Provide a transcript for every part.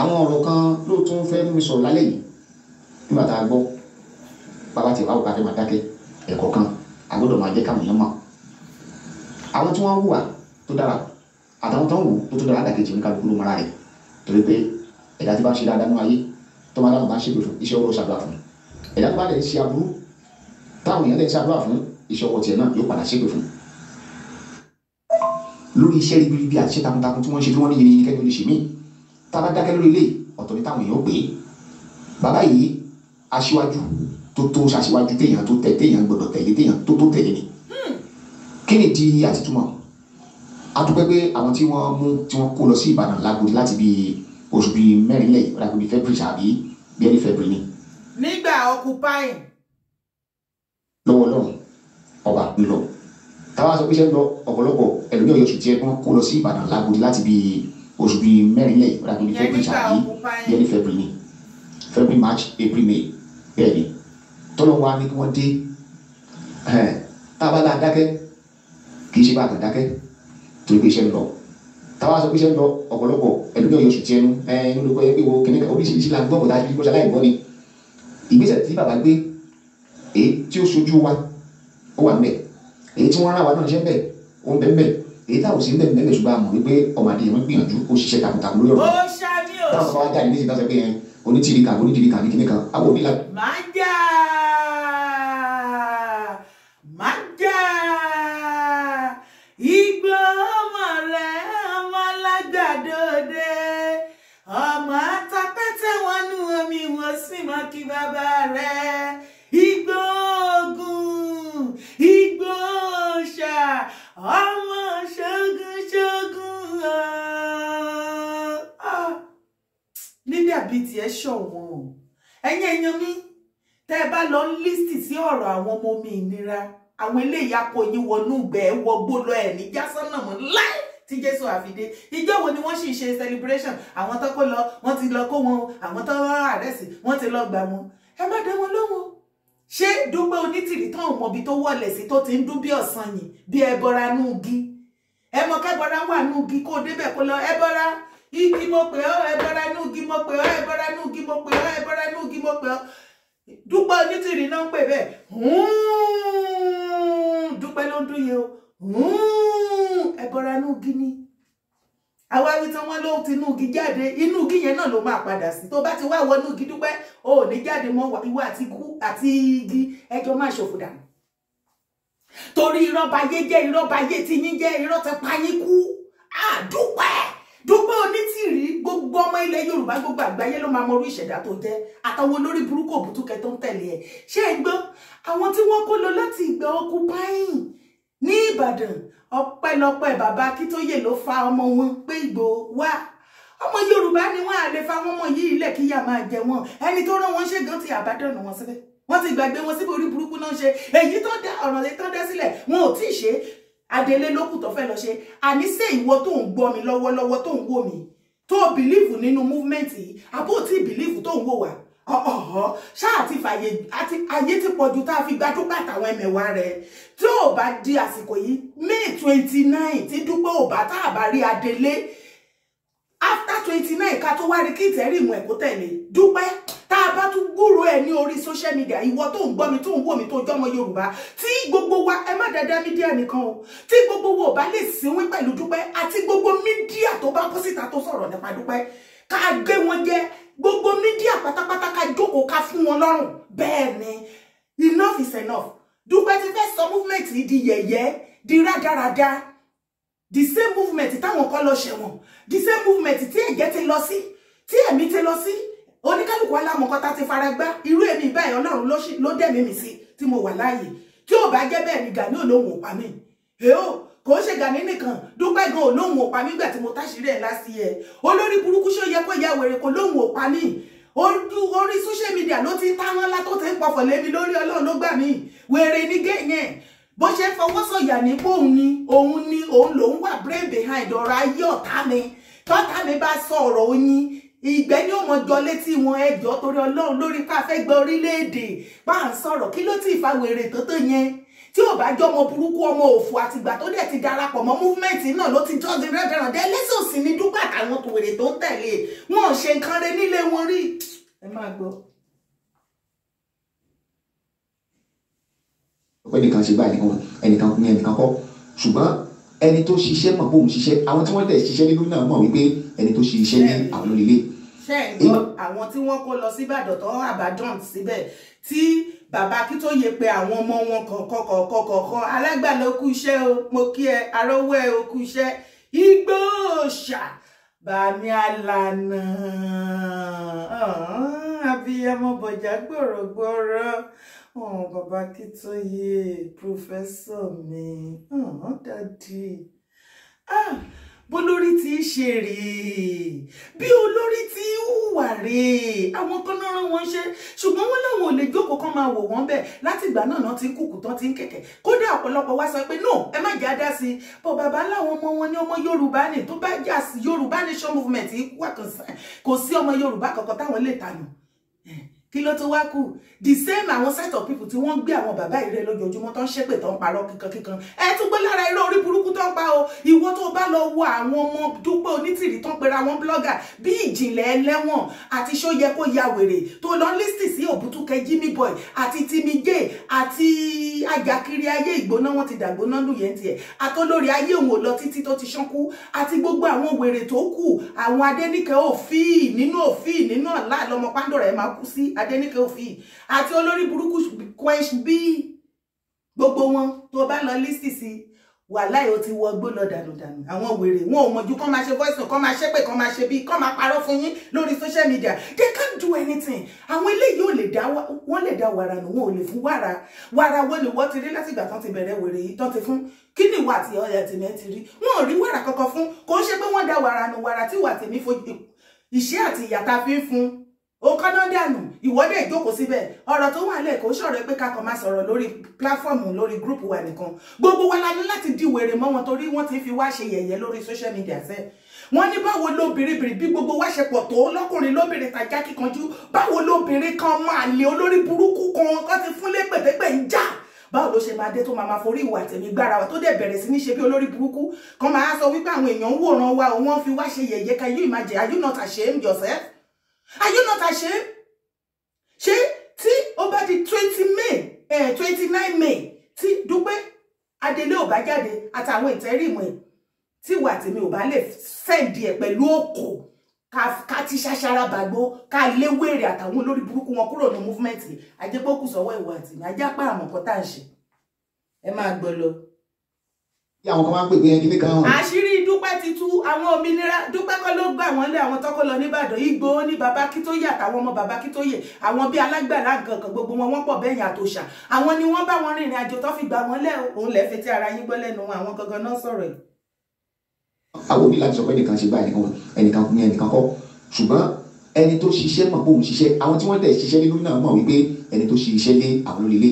àwọn ọ̀rọ̀ kan ló tún fẹ́ mú mi sọ̀rọ̀ lálẹ́ yìí nígbà tá a gbọ́ bàbá tí ìbáwò káfí máa dákẹ́ ẹ̀kọ́ kan àgbọ̀dọ̀ máa jẹ́ káwọn èèyàn mọ̀ àwọn tí wọ́n hùwà tó dára àtàwọn tó ń wù tó tó dára dàkejì ní kálukú ló mara rẹ̀ torí pé ẹ̀dá tí bá ń ṣe dáadáa nínú ayé tó máa dáhùn bá ń ṣe gbèsò iṣẹ́ ọwọ́ ṣàdúrà fún ẹ̀dá tó bá lẹ̀ ṣe aburú táwọn èèyàn lẹ̀ ṣàdúrà fún iṣẹ́ ọwọ́ tiẹ̀ náà yóò padà ṣègbè fún lórí iṣẹ́ ribiribi àti iṣẹ́ takuntakun tí wọ́n ń ṣe tí wọ́n ní yìnyín kẹ́ni ó ṣe míì tá tábà dákẹ́ lórí ilé ọ̀tọ̀ ní táwọn èèyàn pè é bàbá yìí aṣíwájú tó tó ṣaṣíwájú téèyàn tó tẹ téèyàn gbọdọ̀ tẹ̀lé téèyàn tó tó tẹ̀lé ni hmm. kí ni di àtitúmọ̀ adúpẹ́ pé àwọn tí wọ́n mú tí wọ́n kó lọ sí Ìbàdàn lágodi láti bí oṣù bíi mẹ́rin lẹ́yìn lágodi February àbí bíẹ́lí February ni. nígbà occupying. lọ́wọ́ lọ́run ọba ńlọ táwa sọ pé iṣẹ́ ń lọ ọ̀pọ̀lọpọ̀ ẹlòmíràn yọ̀ṣù tiẹ̀ wọ́n kó lọ sí Ìbàdàn lágodi láti bíi oṣù bíi mẹ́rin lẹ́yìn ó dàbí february tàbí yẹni february ni february march april may bẹ́ẹ̀ ni tọ́lọ́wọ́ á ní kí wọ́n dé táwa dákẹ́ kì í ṣe bá dákẹ́ torí pé iṣẹ́ ń lọ táwa sọ pé iṣẹ́ ń lọ ọ̀pọ̀lọpọ̀ ẹ̀dúgbò yóò ṣù tiẹnu ẹ̀ẹ́n ló kọ́ ẹgbẹ́ wo oríṣiríṣi là ń gbọ́ kòtà bí kòtà láì gbọ́ ìgbésẹ̀ tí bàbá gbé èyí tí ó ṣojú wa ó wà ń bẹ̀ èyí tí wọ́n rán wa náà ṣe ń bẹ̀ ó ń bẹ̀ ń bẹ̀ èyí táwọn sí mẹ́rin mẹ́rin ṣùgbọ́n àmọ̀ wípé ọmọdé yẹn ń gbìyànjú ó ṣiṣẹ́ takuntakun lórí ọ̀rọ̀ táwọn bá wá jáde ní ìsìn náà sọ pé onítìríkà onítìríkà ní kíníkan àwọn òbí la. máa ń já bíi tiẹ̀ ṣọ̀wọ́n o ẹ̀yin èèyàn mi tẹ́ ẹ bá lọ ń lísì sí ọ̀rọ̀ àwọn ọmọ omi ìnira àwọn eléyìí akọ yín wọnú ibẹ̀ ẹ wọgbó lọ ẹ̀ ní jásánà mọ́ láì tí jésù àfidé ìjọ wo ni wọ́n sì ṣe celebration àwọn tó kó lọ wọ́n ti lọ kó wọn o àwọn tó rán àrẹ́sì wọ́n ti lọ gbà wọn ẹ má dá wọn lóhùn ṣé dúpẹ́ onítìrì tán ò mọbi tó wọlé sí tó ti ń dún bí ọ̀sán yìí bí ẹbọra nù gí ẹ mọ kẹbọra wà nù gí kó débẹ̀ kó lọ ẹbọra igi mo pè ọ́ ẹbọra inú igi mo pè ọ́ ẹbọra inú igi mo pè ọ́ ẹbọra inú igi mo pè ọ́ ti onítìrì náà ń pè bẹ́ẹ̀ dúpẹ́ ló ń dún yẹn o ẹbọra inú igi ni àwa wí tán wọn ló ti inú igi jáde inú igi yẹn náà ló máa padà sí tó bá ti wá wọnú igi dúpẹ́ o ò ní jáde mọ́ ìwọ àti igi ẹjọ́ máa ṣòfò dànù torí irọ́ bayé jẹ́ irọ́ bayé tí yín jẹ́ irọ́ tẹ pa yín kú àdúpẹ́ dúpẹ́ onítìrí gbogbo ọmọ ilẹ̀ yorùbá gbogbo àgbáyé ló máa mọrú ìṣẹ̀dá tó jẹ́ àtàwọn olórí burúkú òbútúkẹ́ tó ń tẹ̀lé ẹ̀ ṣé ẹ gbọ́ àwọn tí wọ́n kó lọ láti ìgbà ọkùpáyìn ní ìbàdàn ọpẹ́lọpẹ́ bàbá akíntóyè ló fa ọmọ wọn pé ìgbò wá ọmọ yorùbá ni wọn àlè fa wọn mọ yí ilẹ̀ kíyà máa jẹ wọn ẹni tó rán wọn ṣe gan ti àbádọ́nù wọn síbẹ̀ wọ́n ti gbàgbé wọn síbi orí burúkú náà ṣe èyí tó dá ọ̀ràn lè tó dá sílẹ̀ wọn ò tí ì ṣe adelé lókù tó fẹ́ lọ ṣe àní ṣé ìwọ tó ń gbọ́ mi lọ́wọ́lọ́wọ́ tó ń wò mí tó bìlíìfù nínú movement yìí àbó tí bìlíìfù tó ń wò wá ọ̀họ̀ ṣáà ti fàyè àti ayé ti pọ̀ ju tá a fi gbajúgbà táwọn ẹ̀mẹ̀wá rẹ̀ tí ò bá di àsìkò yìí may 29. nine tí dúpẹ́ ò bá tá a bá rí adelé after twenty nine ká tó wá rí kí ìtẹ́rìmù ẹ̀kọ́ tẹ̀lé dúpẹ́ tá a bá tún kúrò ẹ̀ ní orí social media ìwọ tó ń gbọ́ mi tó ń wò mí tó jọ́mọ Yorùbá tí gbogbo wa ẹ má dada mídíà nìkan o tí gbogbo wa ò bá lè sínwín pẹ̀lú Dúpẹ́ àti gbogbo mídíà tó bá kó síta tó sọ̀rọ̀ nípa Dúpẹ́ ká gbé wọn jẹ gbogbo mídíà pátápátá ká jókòó ká fún wọn lọ́rùn bẹ́ẹ̀ ni enough is enough Dúpẹ́ ti fẹ́ sọ movement yìí di yẹ̀yẹ́ di rádaràda the same movement táwọn kan lọ ṣẹ̀wọ̀n the same movement tí ẹ̀jẹ̀ ti lọ sí tí ẹ̀mí ti lọ sí oníkálùkù alámọ̀kọ́ta ti fara gbá irú èmi báyìí ọlọ́run ló dẹ̀mí mi sí tí mo wà láàyè tí ò bá jẹ́ bẹ́ẹ̀ ni Gani olóhùn òpá mi èó kò ṣe Gani nìkan Dúpẹ́ gan olóhùn òpá mi gbà tí mo táṣìírí ẹ̀ lásì ẹ̀ olórí burúkú ṣó yẹ kó ya wèrè kó lóhùn òpá mi orí social media ló ti táwọn ńlá tó ti ń pọ̀fọ̀ lébi lórí ọlọ́run ló gbà mí wèrè ní gé yẹn bó ṣe fọwọ́ sọ̀yà ní bóun ni òun ni òun lòun wà brain behind ọ̀rọ̀ ayé ọ̀tá mi tọ́tá mi bá sọ ọ̀rọ̀ oyin ìgbẹ́ ni ó mọ jọ létí wọn ẹjọ́ torí ọlọ́run lórí pa fẹ́ gba orílẹ̀-èdè bá à ń sọ̀rọ̀ kí ló ti fa wèrè tó tó yẹn tí ò bá jọ ọmọ burúkú ọmọ òfò àtìgbà tó dẹ̀ ti darapọ̀ mọ́ múfúmẹ́ǹtì náà ló ti jọ́ di rẹ́dẹ̀rọ̀dẹ́ lẹ́sẹ̀ òsì ní dúpẹ́ àtàwọn wèrè tó ń tẹ̀lé wọn ò ṣe nǹkan rẹ nílé wọn rí ẹ máa gbọ́. ẹnìkan ṣe báyìí ẹnìkan kọ́ ṣùgbọ́n ẹni tó ṣiṣẹ́ mọ̀ bóun ṣiṣẹ́ àwọn tí wọ́n tẹ̀ ṣiṣẹ́ nínú náà mọ̀ wípé ẹni tó ṣiṣẹ́ ní àwọn onílé. ṣe é gbọ́ àwọn tí wọ́n kó lọ sí Ìbàdàn tó ń Àbàdàn síbẹ̀ tí bàbá Akíntóye pe àwọn ọmọ wọn kọ̀ọ̀kọ̀ọ̀kọ̀ọ̀kan alágbàlẹ̀ okú iṣẹ́ o mo kí ẹ arọ́wẹ́ okú iṣẹ́ igbó bàmí àlànà abiyamọ bọ̀jà gbọ̀rọ̀gbọ̀rọ̀ oh, baba Akíntóyè pòfẹ́sọ̀ mi ọ̀hún dàdí bólórí ti ṣe rèé bí olórí ti hùwà rèé àwọn kan náà rán wọn ṣe ṣùgbọ́n wọn láwọn ò lè jókòó kan máa wò wọ́n bẹ́ẹ̀ láti ìgbà náà náà ti ń kùkù tán ti ń kẹ̀kẹ́ kódà ọ̀pọ̀lọpọ̀ wá sọ pé no ẹ má jẹ́ àdá sí i bọ̀ bàbá láwọn ọmọ wọn ní ọmọ yorùbá ni tó bá jà sí yorùbá nation movement wà kò sí ọmọ yorùbá kankan táwọn lè tànù kí ló tó wá kù the same àwọn set of people tí wọ́n gbé àwọn bàbá ìrẹ́ lójoojúmọ́ tó ń ṣépè tó ń parọ́ kíkankíkan ẹ tún gbé lára irọ́ orí burúkú tó ń pa o ìwọ tó bá lọ wo àwọn ọmọ dúpẹ́ onítìrí tó ń pera àwọn blogger bí ìjìnlẹ̀ ẹlẹ́wọ̀n àti ṣó yẹ kó ya wèrè tó lọ lísì sí òbútúkẹ́ Jimmy Boy àti Timi J àti ajakiri ayé ìgbóná wọn ti dàgbóná lù yẹn tiẹ̀ àtọ́lórí ayé òun ò lọ títí tó ti ṣánkú àti gbogbo àwọn wèrè tó kù àwọn Adéníkẹ́ òfin nínú òfin nínú ọ̀la lọmọ Pandora ẹ̀ máa kú sí Adéníkẹ́ òfin àti olórí burúkú quench bí gbogbo wọn tó bá lọ lísì sí wàláì ó ti wọgbó lọ dànùdànù àwọn wèrè wọn ò mọ̀jú kán máa ṣe voice kán máa ṣépè kán máa ṣe bí kán máa parọ́ fún yín lórí social media they can't do anything àwọn eléyìí ò lè dá wọn lè dá wàrà nù wọn ò lè fún wàrà wàrà wo ni wọ́n ti rí láti ìgbà tán ti bẹ̀rẹ̀ wèrè yìí tán ti fún kí ni ìwà àti ọ̀yà tèmi ti rí wọn ò rí wàrà kankan fún kò ń ṣe pé wọ́n dá wàrà nù wàrà tí ìwà tèmi fojú ìṣẹ́ àti ìyà fi ń fún òun kán náà ìwọ́dé ìjókòó síbẹ̀ ọ̀rọ̀ tó wà lẹ́ẹ̀kọ́ sọ̀rọ̀ pé kakọ̀ máa sọ̀rọ̀ lórí pílàfọ́ọ̀mù lórí gúrùpù wa nìkan gbogbo wa la ní láti díwèrè mọ́ wọn torí wọ́n ti fi wá ṣe yẹ̀yẹ́ lórí social media sẹ́ẹ̀ wọ́n ní báwo lóbìnrin bí gbogbo wa ṣe pọ̀ tó lọ́kùnrin lóbìnrin tàjá kíkanjú báwo lóbìnrin kan máa lè olórí burúkú kan tó ti fúnlé pẹ̀tẹ́pẹ̀ ń jà báwo ló ṣe máa dé tó máa máa forí ìwà tẹ̀mí gbára wa tó dẹ̀ bẹ̀rẹ̀ sí ní ṣe bí olórí burúkú kan máa sọ wípé àwọn èèyàn ń wòran wa òun fi wá ṣe yẹ̀yẹ́ can you imagine are you not ashamed yourself are you not ashamed Eh, twenty nine may tí Dúpẹ́ Adelé ò bá jáde àtàwọn ìtẹ́rìmọ̀ ẹ̀ tí ìwà tèmi ò bá lè sẹ́ǹdì ẹ̀ pẹ̀lú òkò ká ti ṣaṣara bàgbó ká léwèrè àtàwọn olórí burúkú wọn kúrò ní movement ajẹ́pọ̀kù sọ́wọ́ ìwà tèmi ajápá àmọ̀kọ́ tá à ń ṣe ẹ máa gbọ́ lọ. bí àwọn kan máa ń pè pé ẹni kíní kan. àṣì ti tú àwọn òmìnira dúpẹ́ kọ́ ló gbà wọ́n lé àwọn tọ́kọ́ lọ nìbàdàn Ìgbòho ní baba Akíntóyè àtàwọn ọmọ baba Akíntóyè àwọn bíi alágbàlá gangan gbogbo wọn wọ́n pọ̀ bẹ́yìn àtòṣà àwọn ni wọ́n bá wọn rìnrìn àjò tó fi gbà wọ́n lẹ́ òun lẹ́ fetí ara yín gbọ́ lẹ́nu àwọn gangan náà sọ̀rọ̀ yìí. àwọn òbí láti sọ pé ẹnìkan ṣe bá ẹnìkan ní ẹnìkan kọ́ ṣùgbọ́n ẹni tó ṣiṣẹ́ mọ̀ pé òun ṣiṣẹ́ àwọn tí wọ́n tẹ̀ ṣiṣẹ́ lé lórí náà mọ̀ wípé ẹni tó ṣiṣẹ́ lé àwọn lórí ilé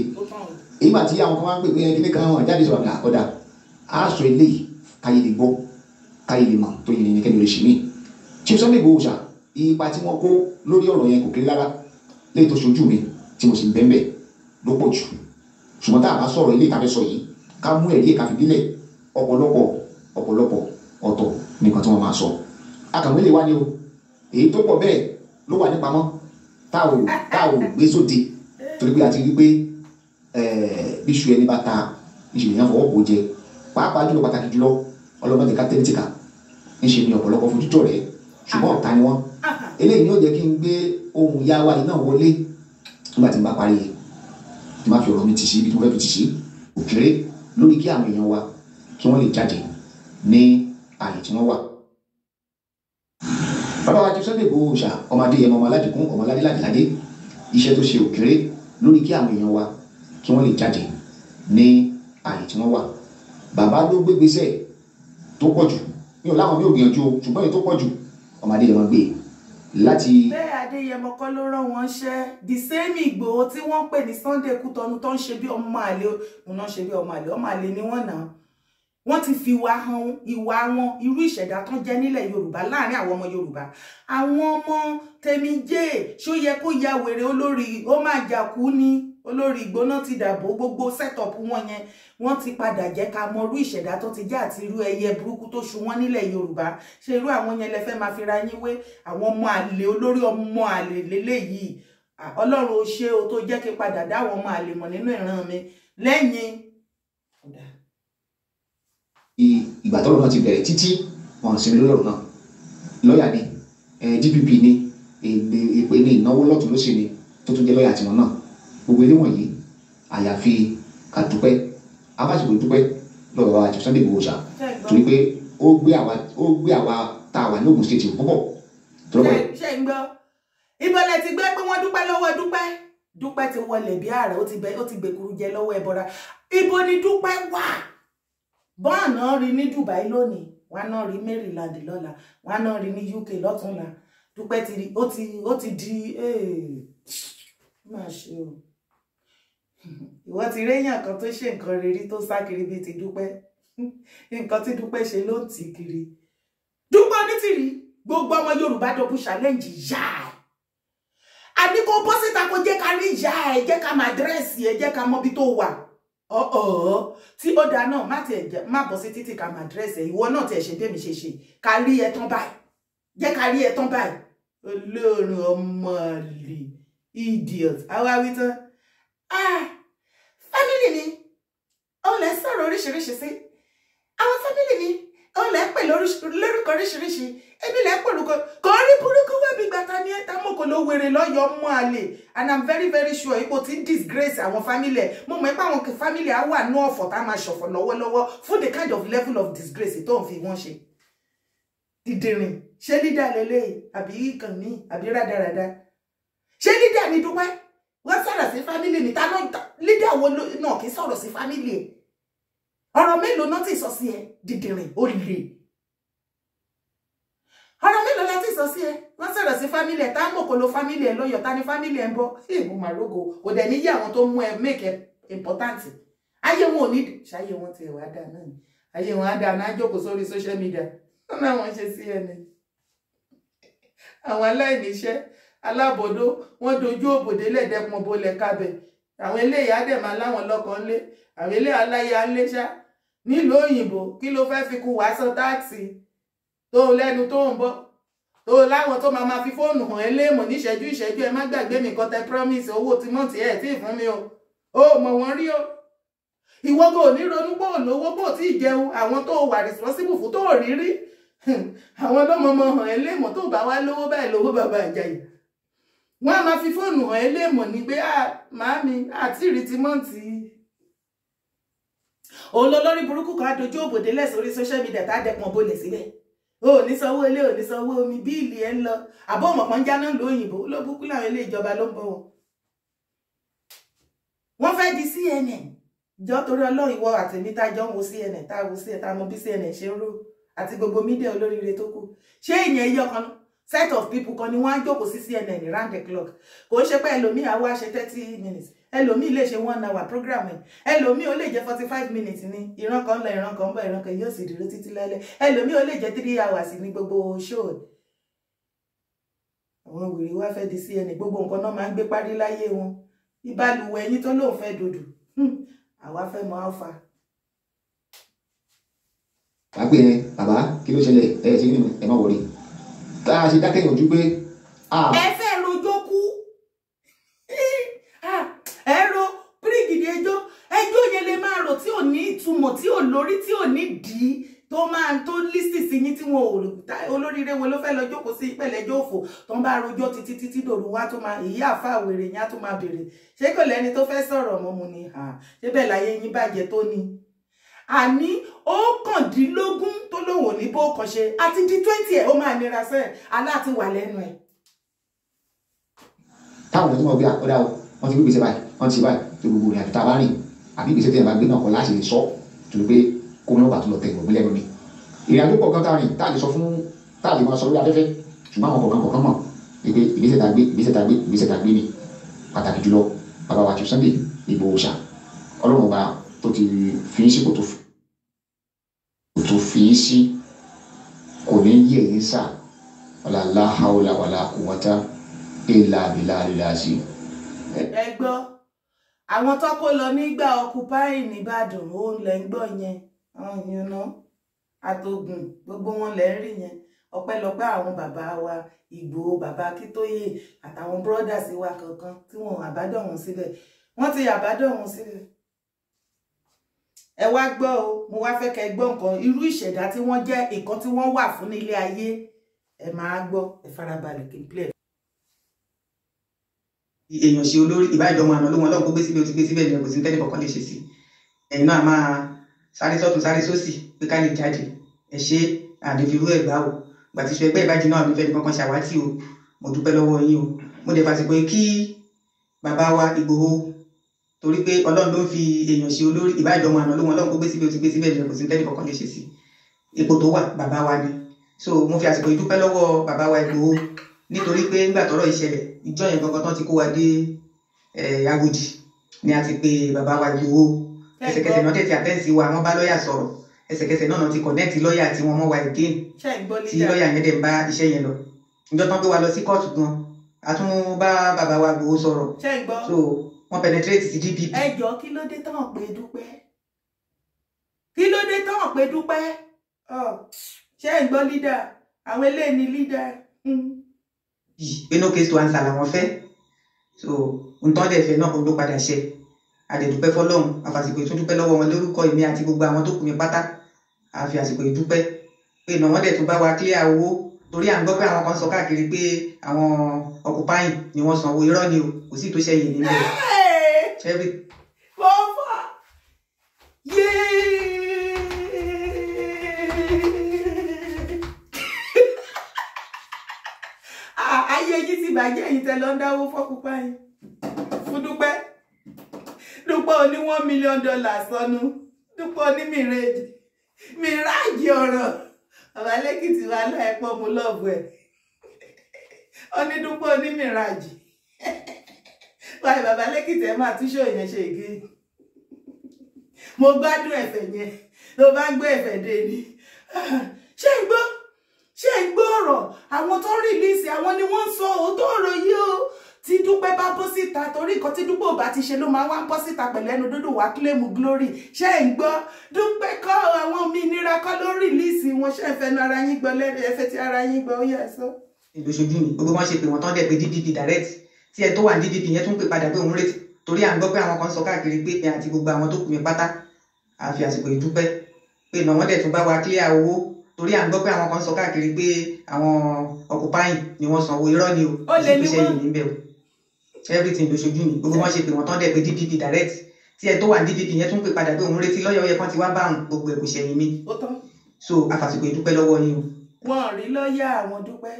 tí àwọn kan máa ń pè pé ẹni kan jáde sọ̀rọ̀ àkọ́dà á sọ káyé lè gbọ́ káyé lè mọ̀ tó yẹ ẹnikẹ́ni lè ṣe mí Chief Sunday Igboho ṣá ipa tí wọ́n kó lórí ọ̀rọ̀ yẹn kò kéré rárá lẹ́yìn tó ṣojú mi tí mo sì ń bẹ́ẹ̀ ló pọ̀ jù ṣùgbọ́n tá a bá sọ̀rọ̀ ilé ìtafẹ́ sọ yìí ká mú ẹ̀rí ìka fìdílẹ̀ ọ̀pọ̀lọpọ̀ ọ̀pọ̀lọpọ̀ ọ̀tọ̀ nìkan tí wọ́n máa sọ akàwé lè wá ní o èyí tó pọ̀ bẹ́ẹ̀ ló wà nípamọ́ tá ò tá ò gbé sóde torí pé a ti rí pé bíṣu ẹni bá ta ìṣèlú yẹn fọwọ́ bò jẹ pàápàá jùlọ pàtàkì jùlọ ọlọ́mọdé ká tẹ́ntìkà níṣe ni ọ̀pọ̀lọpọ̀ fojú jọ rẹ̀ ṣùgbọ́n ọ̀tá ni wọ́n eléyìí ni ó jẹ́ kí n gbé ohun ya wa iná wọlé nígbà tí n bá parí tí n bá fi ọ̀rọ̀ mi ti ṣe ibi tí mo fẹ́ fi ti ṣe òkèrè lórí kí àwọn èèyàn wa kí wọ́n lè jáde ní àyè tí wọ́n wà. bàbá wa jẹ́ Sunday Igboho Òòṣà ọmọdé yẹn ọmọ aládìkún ọmọ aládìládìládé iṣẹ́ tó ṣe òkèrè lórí kí àwọn èèyàn wa kí wọ́n lè jáde ní àyè tí wọ́n wà. bàbá ló gbégbésẹ̀ tó pọ̀ jù mi ò láwọn bí ògbìyànjú o ṣùgbọ́n èyí tó pọ̀ jù ọmọ adéyẹmọ gbé e láti. bẹ́ẹ̀ adéyẹmọ kọ́ ló rán wọn ṣẹ́ the same ìgbòho tí wọ́n pè ní Sunday kútọ́nu tó ń ṣe bí ọmọ àlè ọ̀nà ṣe bí ọmọ àlè ọmọ àlè ni wọ́n náà wọ́n ti fi wa hàn ìwà wọn irú ìṣẹ̀dá tán jẹ́ nílẹ̀ yorùbá láàrin àwọn ọmọ yorùbá àwọn ọmọ tẹmíjẹ́ ṣó yẹ kó ya wèrè olórí ó máa jà kú ni olórí ìgbóná ti dàbò gbogbo setup wọn yẹn wọn ti padà jẹ́ ká mọ irú ìṣẹ̀dá tó ti jẹ́ àti irú ẹyẹ burúkú tó ṣu wọn nílẹ̀ yorùbá ṣe irú àwọn yẹn lẹ fẹ́ máa fira yín wé àwọn ọmọ àlè olórí ọmọ àlè lélẹyìí ọlọ́run ó ṣe o tó jẹ́ kí padà dáwọn ọmọ àlè mọ̀ nínú ìran mi lẹ́yìn. ìgbà tọ́rọ̀ náà ti bẹ̀rẹ̀ títí ọ̀ràn sí mi lórí ọ̀rọ̀ náà lọ́ọ̀yà ni dpp ni èpè ni ìnáwó lọ́tún lósì ni tó tún jẹ́ lọ́ọ̀yà àtìmọ́ náà gbogbo ilé wọ̀nyí àyàfi ká dúpẹ́ abáṣepọ̀ dúpẹ́ lọ́wọ́ bàbá àti Sunday Igboho ṣá torí pé ó gbé àwa ó gbé àwa tá a wà ní Ògùn state púpọ̀ tọ́lọ́pọ̀ yìí. ṣe ń gbọ́ ìbọ̀lẹ̀ ti gbé pé wọ́n dúpẹ́ lọ́wọ́ dúpẹ́ dúpẹ́ ti wọlé bí ààrẹ ó ti bẹ ó ti gbèkúrú jẹ lọ́wọ́ ẹbọra ibo ni dúpẹ́ wà bọ́ọ̀nà rí ní Dubai lónìí wọn náà rí Maryland lọ́la wọn náà rí ní UK lọ́túnla dúpẹ́ ti ó ti ó ti di eh, máa ṣe o ìwọ ti réyàn kan tó ṣe nǹkan rere tó sá kiri bíi ti dúpẹ́ nǹkan tí dúpẹ́ ṣe ló ń tì kiri dúpẹ́ onítìrí gbogbo ọmọ yorùbá dọ̀bù ṣàlẹ́ǹjì yá ẹ̀ a ní kó bọ́ síta kó jẹ́ ká rí ìyá ẹ̀ jẹ́ ká máa dírẹ́sì ẹ̀ jẹ́ ká mọbi tó wà ọ̀ọ́ tí ó dáa náà má tiẹ̀ jẹ́ má bọ́ sí títì ká máa dírẹ́sì ẹ̀ ìwọ náà tiẹ̀ ṣe bí èmi ṣe ṣe ká rí ẹ tán báyìí jẹ́ ká rí ẹ tán báyìí olóòrùn ọmọ lè àwa wí tán. Ah, fámílì mi ó lè sọ̀rọ̀ oríṣiríṣi sí àwọn fámílì mi ó lè pè lórúkọ oríṣiríṣi ebi lè pè lórúkọ kò rí burúkú wẹ́bi gbàtà ní ẹ̀ta mọ̀ kò ló wèrè lọ́yọ̀ ọmọ àlè and i'm very very sure ipò tí disgrace àwọn fámílì ẹ̀ mo mọ̀ pé àwọn fámílì á wà ní ọ̀fọ̀ tá a máa ṣọ̀fọ̀ lọ́wọ́lọ́wọ́ fún the kind of level of disgrace tó ń fi wọ́n ṣe ìdìrín ṣé lídà lélẹ́yìn àbí kàn mí àbí rádaràda ṣé lídà ní dúpẹ́ sọ̀rọ̀ sí fámílì níta náà lídà wo náà kì í sọ̀rọ̀ sí fámílì ẹ̀ ọ̀rọ̀ mélòó náà ti sọ sí ẹ dìdìrìn ó lè ọ̀rọ̀ mélòó náà ti sọ sí ẹ wọ́n sọ̀rọ̀ sí fámílì ẹ̀ tá ń mọ̀kòló fámílì ẹ̀ lọ́yọ̀ ta fámílì ẹ̀ ń bọ́ sí ìbú màrógo kò dẹ̀ ní àwọn tó mú ẹ make important ayé wọn ò ní ṣáyé wọn ti ẹ̀wà dáa náà ni ayé wọn á dáa náà á jókòó sórí social media wọn náà wọn ṣe sí ẹni àwọn aláìníṣẹ́ alábòdó wọ́n dojú òbòdé lẹ́ẹ̀dẹ́pọ̀n bolẹ̀ kabẹ̀ àwọn eléyìí àdẹ̀mà láwọn lọ́kàn lé àwọn eléyìí aláya ń léṣá nílùú òyìnbó kí ló fẹ́ fi kú wàá san táàsì tó lẹ́nu tó ń bọ̀ tó láwọn tó máa ma fi fóònù hàn ẹ́ níṣẹ́jú ìṣẹ́jú ẹ má gbàgbé mi kan promise owó tí mọ̀ tí ẹ̀ tí ì fún mi o ó mọ̀ wọ́n rí o ìwọ bò ní ronú bò lówó bò tí ì jẹun àwọn tó wà responsible fún tó rí rí àwọn lọ́mọọmọ hàn ẹ́ léèmọ̀ tó bá wá lówó báyìí lówó bàbá àjàyè wọ́n á máa fi fóònù hàn ẹ́ léèmọ̀ ní pé ah, màámi àti ìrètí mọ́ǹtì òun lọ lórí burúkú kan dojú òbòdé lẹ̀ social media tá a dẹpọn bọ́ọ̀lù sílẹ̀ o ò ní sanwó ilé ò ní sanwó omi bíìlì ẹ ń lọ àbọ̀ ọmọ kan jáná ló òyìnbó ló búkú láwọn ilé ìjọba ló ń bọ̀ wọ́n. wọ́n fẹ́ di CNN jọ torí ọlọ́run ìwọ àtẹ̀mí tá a jọ ń wo CNN tá a wo CNN tá a mọ bí CNN ṣe ń rò àti gbogbo mídíà olóríire tó kù ṣé ìyẹn iye ọkàn set of people kan ni wọ́n á jókòó sí CNN round the clock kò ń ṣe pé ẹlòmíì á wá ṣe thirty minutes ẹlòmíì lè ṣe one hour programming. ẹ ẹlòmíì ó lè jẹ forty five minutes ni ìran kan lọ ìran kan bọ ìran kan yóò sì dúró títí lálẹ́ ẹlòmíì ó lè jẹ three hours ni gbogbo show àwọn wèrè wá fẹ́ di CNN gbogbo nǹkan náà máa ń gbé parí láyé wọn ìbálùwẹ̀ ẹyin tó lóun fẹ́ dòdò hmm, àwa fẹ́ mọ alfa. àgbẹ̀ bàbá kí ló ṣẹlẹ̀ ẹ̀ ṣe nínú ẹ̀ má wọlé tá a ṣe dákẹ́ ìyànjú pé. ẹ fẹ́ rojọ́ kú ẹ ro pírígìdì ẹjọ́ ẹjọ́ yẹn lè máa rò tí ò ní ìtumọ̀ tí ò lórí tí ò ní dìí tó máa tó lísì sí yín tí wọn ò olóríire wo ló fẹ́ lọ jókòó sí ìpẹ̀lẹ̀ jóòfò tó ń bá rojọ́ títí títí dòru wá tó máa ìyá àfa wèrè yẹn á tó máa bèrè ṣé kò lẹ́ni tó fẹ́ sọ̀rọ̀ ọmọ mu ni ṣé bẹ́ẹ̀ láyé yín bàjẹ́ tó ni àní ọ̀kàndínlógún tó lòun ò ní bó kan ṣe àti di twenty ẹ̀ ó máa nira sẹ́ẹ̀ aláàtí wà lẹ́nu ẹ̀. táwọn ọ̀dọ́ tí wọ́n gbé àkọ́dá o wọ́n ti gbé gbèsè báyìí wọ́n ti báyìí tó gbogbo rẹ̀ àti tá a bá rìn àbí gbèsè tí ẹ̀ bá gbé náà kọ́ láti lè sọ tó lè gbé kó náà bàtú lọ tẹ̀ ìwọ̀n gbélé lónìí. ìrìn àjò kọ̀ọ̀kan tá a rìn tá a lè sọ fún tá a lè máa sọ lórí afẹ́fẹ́ ṣùgbọ́n àwọn kọ̀ọ̀kan kọ̀ọ̀kan mọ̀ ìgbé ìgbésẹ̀ tá a gbé ìgbésẹ̀ tá a gbé ìgbésẹ̀ tá a gbé ni pàtàkì jùlọ bàbá wa ti Sunday Igboho ṣá ọlọ́run ọba tó ti fi ń ṣèkò tó fún tó fi í sí kò ní yé yín sá wàlá láhàólà wàlá kùwọ́tá ìlà àbílà àríláàsì. ẹ gbọ́ àwọn tó kó lọ nígbà ọkùpáì nìbàdàn ó lẹ̀ ń gbọ́ yẹn àwọn èèyàn náà àtògùn gbogbo wọn lẹ̀ ń rí yẹn ọpẹ́lọpẹ́ àwọn bàbá wa ìgbò bàbá akíntóyè àtàwọn búrọdà sí wa kankan tí wọn àbádọ̀hún sílẹ̀ wọn ti àbádọ̀hún sílẹ̀ ẹ wá gbọ́ o mo wá fẹ́ kẹ́ gbọ́ nǹkan irú ìṣẹ̀dá tí wọ́n jẹ́ nǹkan tí wọ́n wà fún nílé ayé ẹ máa gbọ́ ẹ farabalẹ̀ kí n plẹ̀. èèyàn ṣe olórí ìbájọ wọn àná ló wọn lọ́gbọ́n gbé síbẹ̀ ó ti gbé síbẹ̀ ìyẹn kò sí tẹ́lẹ̀ kọ̀ọ̀kan lè ṣe sí ẹ̀yin náà máa sáré sọ́tún sáré sósì pé ká lè jáde ẹ ṣe àdéfirú ẹ̀gbá o gbàtíṣu ẹgbẹ́ ìbájú náà ló fẹ́ ní kankan ṣàwátì o mo dúpẹ́ lọ́wọ́ yín o mo dẹ̀ fàṣìkò kí bàbá wa Ìgbòho torí pé ọlọ́run ló ń fi èèyàn ṣe olórí ìbáàjọ́ ọmọ àná ló wọn ọlọ́run kó gbé síbi ó ti gbé síbẹ̀ jẹ́ kò sí lẹ́nu kọ̀ọ̀kan lè ṣe sí ipò tó wà bàbá wa ni so mo fi àsìkò ìdúpẹ́ lọ́wọ́ bàbá wa Ìgbòho nítorí pé nígbà tọ́rọ̀ ìṣẹ̀lẹ̀ ìjọ yẹn gangan tán ti kó wa dé Agodi ni a ti pe bàbá wa Ìgbòho ẹsẹ̀kẹsẹ̀ náà tẹ̀sí àtẹ́sí wa wọ́n bá lọ́ọ̀yà sọ̀rọ̀ ẹsẹ̀kẹsẹ̀ náà ti connect lọ́ọ̀yà tí wọ́n mọ̀ wá again tí lọ́ọ̀yà yẹn dẹ̀ ń bá iṣẹ́ yẹn lọ ìjọ tán gbé wa lọ sí kóòtù gan a tún bá bàbá wa Ìgbòho sọ̀rọ̀ so wọ́n penetrate sí DPP. ẹ jọ kí ló dé tán pé dúpẹ́ kí ló dé tán pé dúpẹ́ ṣé ẹ gbọ́ lídà àwọn eléyìí ni lídà. Hmm. pé no case to answer làwọn fẹ́ so ntọ́ dẹ̀ fẹ́ náà kó ló padà ṣe àdẹ̀dúpẹ́ fọlọ́run àfàsìkò ìtúndúpẹ́ lọ́wọ́ wọn lórúkọ èmi àti gbogbo àwọn tó kù mí pátá àfi àsìkò ìdúpẹ́ pé ìnáwó dẹ̀ tó bá wa clear owó torí à ń gbọ́ pé àwọn kan sọ káàkiri pé àwọn occupying ni wọ́n sanwó irọ́ ni o kò sí tó ṣẹyìn nílẹ̀ every. Ah, bàjẹ́ yìí tẹ lọ ń dáwó fọ́kúpá yín fún dúpẹ́ dúpẹ́ oní one million dollars sọnù dúpẹ́ oní mìíràn mìíràn àjẹ ọ̀rọ̀ bàbá lẹ́kìtì wa lọ ẹ̀pọ̀ mu lọ́ọ̀bù ẹ̀ onídùúpọ̀ onímìràjì báyìí bàbá lẹ́kìtì ẹ̀ máa túṣọ yẹn ṣe ìgé mo gbádùn ẹ̀fẹ̀ yẹn ló bá ń gbé ẹ̀fẹ̀ dé ni ṣé ń gbọ́ ṣé ń gbọ́ ọ̀rọ̀ àwọn tó ń rìlíìsì àwọn ni wọ́n ń sọ òótọ́ ọ̀rọ̀ yìí o tí dúpẹ́ bá bọ́ síta torí nǹkan tí dúpẹ́ ò bá ti ṣe ló máa wá bọ́ síta pẹ̀lú ẹnu dúdú wá kílẹ̀mù glory ṣé ń gbọ́ dúpẹ́ kọ́ àwọn òmìnira kọ́ ló rìlíìsì wọn ṣé ń fẹnu ara yín gbọ́ lẹ́nu ẹ̀fẹ́ tí ara yín gbọ́ ó yẹ sọ. ìlòṣojú ni gbogbo wọn ṣe pé wọn tán dẹ pé dídìdì direct tí ẹ tó wà ní dídìdì yẹn tún pè padà pé òun retí torí à ń gbọ́ pé àwọn kan sọ káàkiri pé àti gbogbo àwọn tó kù torí à ń gbọ́ pé àwọn kan sọ káàkiri pé àwọn ọkùpáyìn ni wọ́n sanwó irọ́ ni o ó lè ní wọ́n everything lóṣojú mi gbogbo wọn ṣe pé wọn tán dẹ̀ pé DPP direct tí ẹ tó wà ní DPP yẹn tún pè padà pé òun retí lọ́yọ̀ yẹ kán ti wá bá òun gbogbo ẹ̀ kò ṣẹ̀yìn mi so àfàsìkò ìdúpẹ́ lọ́wọ́ yín o. wọn ò rí lọ́ọ̀yà àwọn dúpẹ́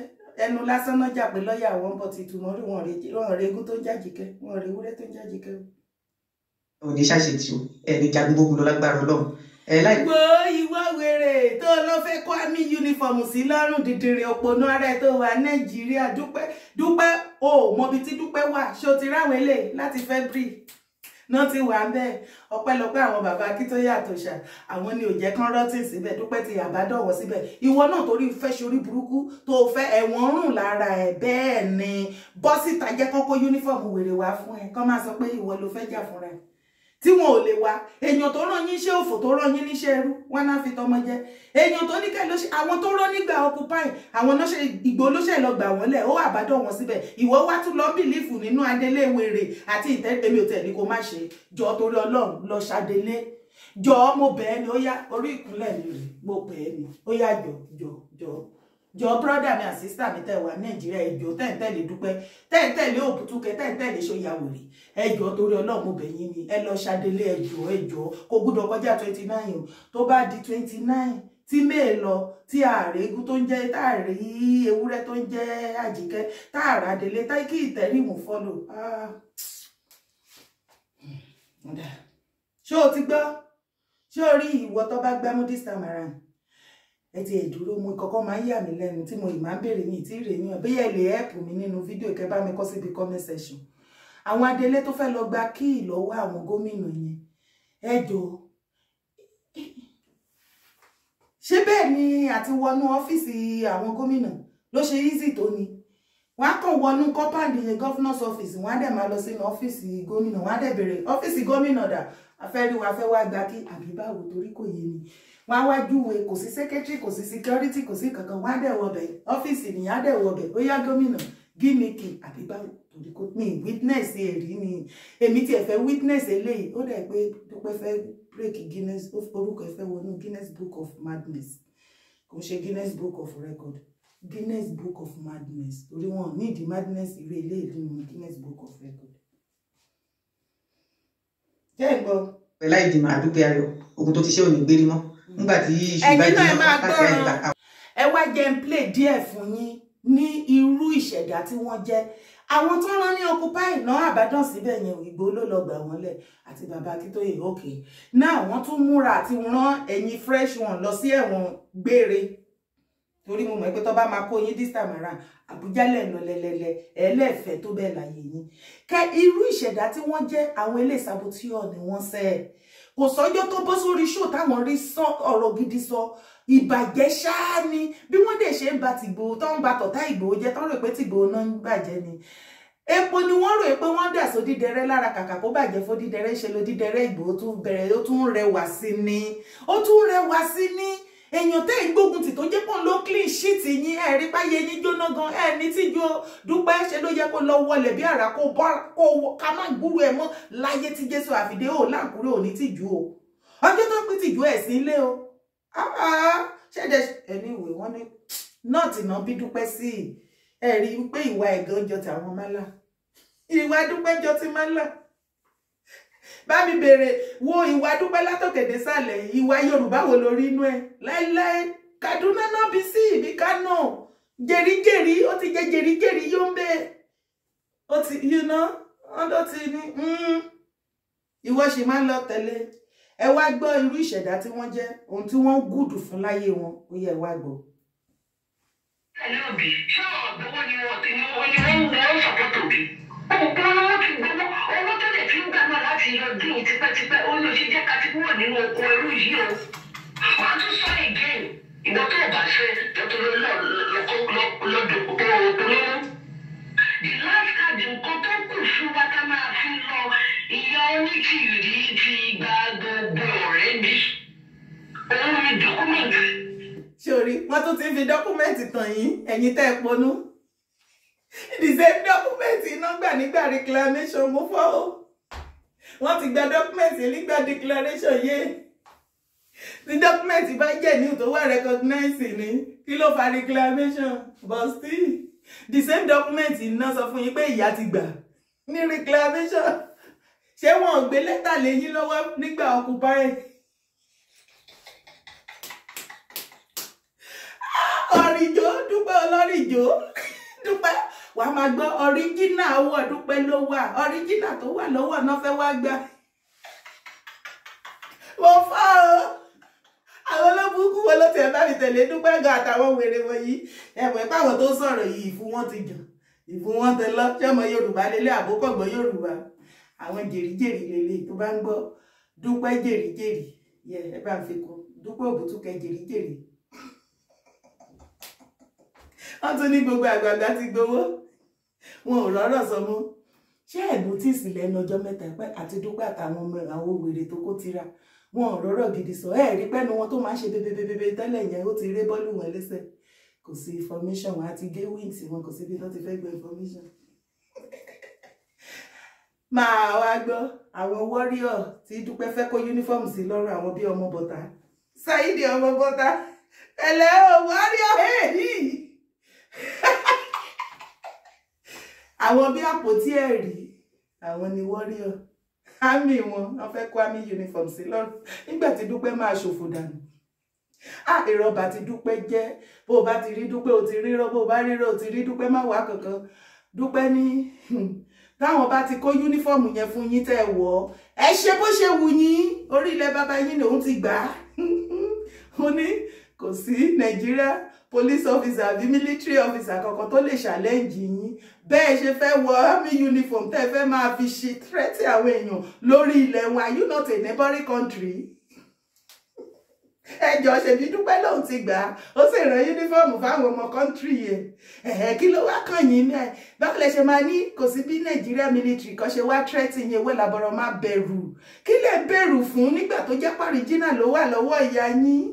ẹnu lásán náà jà pé lọ́ọ̀yà àwọn bọ̀ ti tùmọ̀ rí wọn ò rí egún tó ń jàjìkẹ́ wọn ò rí ewúrẹ́ tó ń jàjìkẹ́ o. òní ṣàṣetì o ẹni jagun gbogbo lọ lágbára Ọlọ́run gbogbo ìwọ wèrè tó lọ fẹ́ kó àmì yunifọ̀mù sí lọ́rùn dìdìrì òpònú ara ẹ̀ tó wà nàìjíríà dúpẹ́ dúpẹ́ o mọbi tí dúpẹ́ wà ṣó ti ráwọn eléyìí láti february náà ti wà ń bẹ́ẹ̀ ọpẹ́lọpẹ́ àwọn bàbá akíntóyè àtòṣà àwọn ni ò jẹ́ kán rọ́tì síbẹ̀ dúpẹ́ ti àbádọ́wọ̀ síbẹ̀ ìwọ náà torí fẹ́ ṣorí burúkú tó fẹ́ ẹ̀wọ̀n rùn lára ẹ̀ bẹ́ẹ̀ ni bọ́sìtà jẹ́ kọ́kọ́ yúnífọ̀mù wèrè wá fún ẹ kọ́ máa sọ pé ìwọ ló fẹ́ jà fúnra ẹ̀ tí wọn ò lè wá èèyàn tó rán yín iṣẹ́ òfò tó rán yín níṣẹ́ ẹrú wọn náà fi tọmọ jẹ èèyàn tó ní kẹlẹ àwọn tó rán nígbà occupy àwọn náṣẹ ìgbò olóṣè lọ gbà wọn lẹ ó àbádọ wọn síbẹ̀ ìwọ wá tún lọ bìlífù nínú adélé wèrè àti ìtẹ èmi ò tẹ ní kó má ṣe jọ torí Ọlọ́run lọ ṣàdélé jọ mo bẹ̀ ẹ́ ni ó yá orí ìkúnlẹ̀ mi rè mo bẹ̀ ẹ́ ni ó yá jọ jọ jọ jọ brọ́dà mi àti sísítà mi tẹ̀ wá nàìjíríà ẹjọ́ tẹ̀ǹtẹ̀lé dúpẹ́ tẹ̀ǹtẹ̀lé òbútúkẹ tẹ̀ǹtẹ̀lé ṣóyàwòrì ẹjọ́ torí ọlọ́run bẹ̀yìn ni ẹ lọ ṣàdélé ẹjọ́ ẹjọ́ kò gbúdọ̀ kọjá twenty nine o tó bá di twenty nine tí méè lọ tí ààrẹ egun tó ń jẹ táàrí ewúrẹ́ tó ń jẹ àjíkẹ́ táàrà délé táì kí ìtẹrímù fọlò ah. hmm. ṣé o ti gbọ́ ṣé o rí ìwọ tó bá gbámú this time around ẹ ti ẹ̀dúró mo kọ́kọ́ máa ń yà mí lẹ́nu tí mo ì máa ń béèrè ní ìtí ìrè yàn bóyá ẹ lè help mi nínú fídíò kẹ bá mi kọ́ síbi comment section àwọn adelé tó fẹ́ lọ gba kíì lọ́wọ́ àwọn gómìnà yẹn ẹ jọ ṣé bẹ́ẹ̀ ni àti wọnú ọ́fíìsì àwọn gómìnà ló ṣe easy tó ni wọ́n kàn wọnú kọ́pàdé governor's office wọ́n á dẹ̀ máa lọ sínú ọ́fíìsì gómìnà wọ́n á dẹ̀ bèrè ọ́fíìsì gómìnà dà afẹ́rí wa fẹ́ wá gba kí àbí báwo torí kò yé mi wọ́n á wá kò sí secretary kò sí security kò sí kankan wọ́n á dẹ̀ wọ ọbẹ̀ ọ́fíìsì nìyá dẹ̀ wọ ọbẹ̀ bóyá gómìnà gímìkì àbí báwo torí witness ẹ̀rí ni èmi tiẹ̀ fẹ́ witness eléyìí ó dẹ̀ pé Dúpẹ́ fẹ́ break Guinness orúkọ ẹ̀ fẹ́ wọnú Guinness Book of Madness kò ṣe Guinness Book of Record Guinness Book of Madness torí wọn ní ìdí madness ìwé eléyìí ni Guinness Book of Record. jẹ́ ìgbọ́. pẹ̀lá ìdìmọ̀ àdúgbò ayọ̀ ogun tó ti ṣe ò gbérí mọ́ nígbà tí ìṣúgbà tí wọ́n ẹ wá jẹ́ n play díẹ̀ fún yín ní irú ìṣẹ̀dá tí wọ́n jẹ́ àwọn tó rán ní occupy náà àbádàn síbẹ̀ yẹn òyìnbó ló lọ gbà wọ́n lẹ̀ àti bàbá akíntóyè òkè náà wọ́n tún múra àti rán ẹ̀yìn fresh one lọ sí ẹ̀wọ̀n gbére torí mo mọ̀ pé tó bá máa kó yín this time around àbújá lẹ́nu lẹ́lẹ́lẹ́ ẹlẹ́fẹ̀ẹ́ tó bẹ́ẹ̀ láyé yín kẹ irú ìṣẹ̀dá tí wọ́n jẹ́ àwọn ilé ìsàbòtíọ̀ ni wọ́n sẹ́ kò sọ́jọ́ tó bọ́ sórí ṣó táwọn rí sọ ọ̀rọ̀ gidi sọ ìbàjẹ́ ṣáá ni bí wọ́n dẹ̀ ṣe ń ba tìgbòho tó ń ba tọ̀tá ìgbòho jẹ́ tó ń rò pé tìgbòho náà ń bàjẹ́ ni epo ni wọ́n rò pé wọ́n dà só dídẹrẹ́ lára kàkà kó bàjẹ́ fó dídẹrẹ́ ṣe lo dídẹrẹ́ ìgbòho tún bẹ̀rẹ̀ ó tún rẹwà sí ni ó tún rẹwà sí ni èèyàn tẹ́ ìgbógun tì tó jẹ́ pọ́n ló clean sheet yín ẹ̀ rí báyé yín jóná gan ẹ̀ ní tí jo dúpẹ́ ṣe ló yẹ kó lọ wọlé bí àrà kó bọ́ kó ká má gbúrú ẹ mọ́ láyé tí jésù àfìdé ò láǹkúrò ní tìjú o ọjọ́ tó pín tìjú ẹ̀ sí ilé o ṣẹ̀dẹ̀ ẹni ìwé wọn ní nọ́ọ̀tì náà bí dúpẹ́ sí ẹ̀ rí i pé ìwà ẹ̀gàn jọ tàwọn mọ́lá ìwà dúpẹ́ jọ ti mọ́lá bá mi béèrè wo ìwà dúpẹ́ látòkèdè sàlẹ̀ ìwà yorùbá wo lórí inú Lai, lai, kaduna náà bí sí ibi kánò jẹ̀ríjẹ̀rí ó ti jẹ jẹ̀ríjẹ̀rí yóò ń bẹ ó ti you know ọdọ ti ní hmm, ìwọ ṣì máa ń lọ tẹ̀lé ẹ wá gbọ́ irú ìṣẹ̀dá tí wọ́n jẹ́ ohun tí wọ́n gùdù fún láyé wọn ó yẹ wá gbọ́. ẹlẹ́ọ̀bì ṣé ọ̀gbọ́n ni wọ́n ti mú ọ ni wọ́n ń wọ́n ṣàkóso bí. òkú wọn ti gbọ́dọ̀ ń gbàgbà láti yọjú yìí tipẹ́tipẹ́ ó ní ṣe jẹ́ ká ti kúrò nínú oko ẹrú yìí o wọ́n tún sọ again ìwọ tó bá fẹ́ lọ́tọ́lọ́ lọ́dọ̀ olówó the life card nǹkan tó kù fún wa ká máa fi lọ ìyá onítìrí ti gba gbogbo ọ̀rẹ́ bí òun ni dọ́kúmẹ̀ntì. sori wọn tún ti fi dọ́kúmẹ̀ntì tàn yín ẹ̀yin tẹ́ ẹ ponú the same dọ́kúmẹ̀ntì iná gbà nígbà reclamation mo fọ́ o wọ́n ti gba dọ́kúmẹ̀ntì nígbà declaration yé tí dọ́kúmẹ̀ntì bá jẹ́ new tó wà recognize ni kí ló fa reclamation but still the same document náà sọ fún yín pé ìyá ti gbà ní reclamation ṣé wọn ò gbé lẹ́tà lẹ́yìn lọ́wọ́ nígbà occupy ah, ọ̀rìjò dúpẹ́ ọlọ́rìjò dúpẹ́ wà á máa gbọ́ ọ̀ríjínà owó ọ̀dúpẹ́ ló wà ọ̀ríjínà tó wà lọ́wọ́ ọ̀nà fẹ́ wá gbà mo fọ́ ọ àwọn olóbùkún wo ló tiẹ̀ bá mi tẹ̀lé dúpẹ́ gan àtàwọn wèrè wọ̀nyí ẹ̀wọ̀n ìpàwọ̀ tó sọ̀rọ̀ yìí ìfún wọn ti jàn ìfún wọn ti lọ ṣọmọ Yorùbá lélẹ̀ àbókọ̀gbọ́ Yorùbá àwọn jèrìjèrì lélẹ̀ tó bá ń gbọ́ dúpẹ́ jèrìjèrì yẹ ẹ bá ń fi kún dúpẹ́ òbútúkẹ́ jèrìjèrì wọ́n tún ní gbogbo àgbàgbà ti gbowó wọn ò rọ́rọ̀ sọ mọ́ ṣé ẹ̀bùn tí ìsìnlẹ̀ ẹnu ọjọ́ mẹ́ta pẹ́ àti dúpẹ́ àtàwọn ọmọ àwọn wèrè tó kó tira wọn ò rọ́rọ̀ gidi sọ ẹ̀ rí pẹ́nu wọn tó máa ń ṣe bebebebe tẹ́lẹ̀ yẹn ó ti ré bọ́ọ̀lù wọn lẹ́sẹ̀ kò sí information wọn àti gé wings wọn kò síbi tó ti fẹ́ gbọ́ information. máa wá gbọ́ àwọn warrior tí dúpẹ́ fẹ́ kó uniform sí lọ́rùn àwọn bíi ọmọ bọ̀tá Saidi ọmọ bọ̀tá ẹ̀lẹ́ o warrior èyí àwọn bí àpótí ẹ̀rí àwọn ni warrior army wọn wọn fẹ́ kó army uniform sí lọ́rùn nígbà tí dúpẹ́ máa ṣòfò dànù ah ìrọ̀bà ti dúpẹ́ jẹ́ bó o bá ti rí dúpẹ́ o ti rírọ́ bó o bá rírọ́ o ti rí dúpẹ́ má wàá kankan dúpẹ́ ní hmm, táwọn bá ti kó yúnífọ́ọ̀mù yẹn fún yín tẹ́ ẹ wọ̀ ọ́ ẹ ṣe bó ṣe wù yín orí ilẹ̀ bàbá yín lòun ti gbà á mo ní kò sí nàìjíríà police officer àbí military officer kankan tó lè challenge yín bẹ́ẹ̀ ṣe fẹ́ wọ army uniform tẹ́ fẹ́ máa fi ṣe threat àwọn èèyàn lórí ilẹ̀ wọn you not a neighboring country ẹjọ ṣèbí dúpẹ́ lòun ti gbà á ó sì rán yúnífọ́ọ̀mù fáwọn ọmọ kọ́ńtírì yẹn ẹ̀hẹ́ kí ló wá kàn yín náà báwo lẹ ṣe máa ní kò sí bí nàìjíríà military kan ṣe wá tírẹ́tì yẹn wé làbọ̀rọ̀ máa bẹ̀rù kí lẹ bẹ̀rù fún nígbà tó jẹ́ pàríjínà ló wà lọ́wọ́ ìyá yín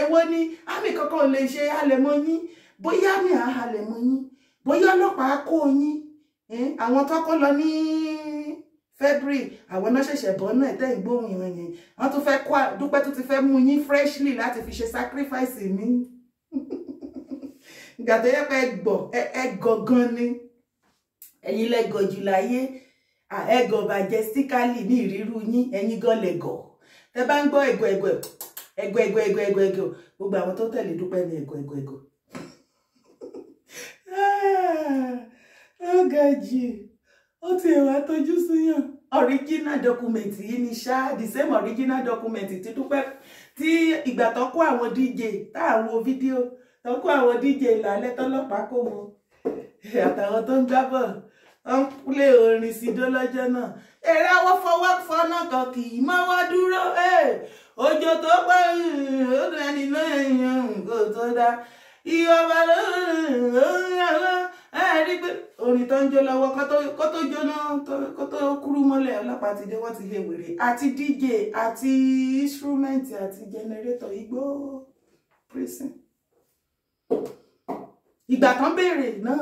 èwo ni àmì kankan ò lè ṣe halẹ̀mọ́ yín bóyá àmì àhalẹ̀mọ́ yín bóyá ọlọ́pàá kó yín àwọn tọ́kọ́ lọ ní February àwọn náà ṣẹ̀ṣẹ̀ bọ́ náà tẹ́ ìgbóhùn ìrìn yẹn wọ́n tún fẹ́ kó Dúpẹ́ tó ti fẹ́ mú yín freshly láti fi ṣe sacrifice mi ìgbà tó yẹ pé ẹgbọ̀ ẹgọ̀gan ni ẹ̀yin lẹ́gọ̀ jù láyé ẹgọ̀ majestically ní ìrírú yín ẹ̀yin gan lẹ́gọ̀ tẹ bá ń gbọ́ ẹ̀gọ̀ ẹ̀gọ̀ ẹ̀gọ̀ ẹ̀gọ̀ ẹ̀gọ̀ ẹ̀gọ̀ ẹ̀gọ̀ gbogbo àwọn tó tẹ̀lé Dúpẹ́ ní ẹ̀gọ̀ ẹ̀gọ̀ ẹ̀gọ̀ ah, ó ga jù ó ti ẹ̀wà tọ́jú síyàn original document yìí ni ṣá the same original document ti dúpẹ́ tí ìgbà tó kó àwọn dj tá à ń wo fídíò tó kó àwọn dj ìlàlẹ́ tọ́lọ́pàá kó wọn àtàwọn tó ń gbábọ̀ wọ́n ń lé orin sídó lọ́jọ́ náà eré awọ́ fọwọ́ fọ́nà kan kì í mọ́wọ́ dúró òjò tó pẹ́ ọdún ẹni náà yàn kó tó dá ìyọba lọ́rùn ọ̀rọ̀ ẹ rí pé orin tó ń jó lọ́wọ́ kó tó jóná kó tó kúrú mọ́lẹ̀ ọlọ́pàá ti dé ti he wèrè àti dj àti instrument àti generator igbó prison ìgbà kan béèrè náà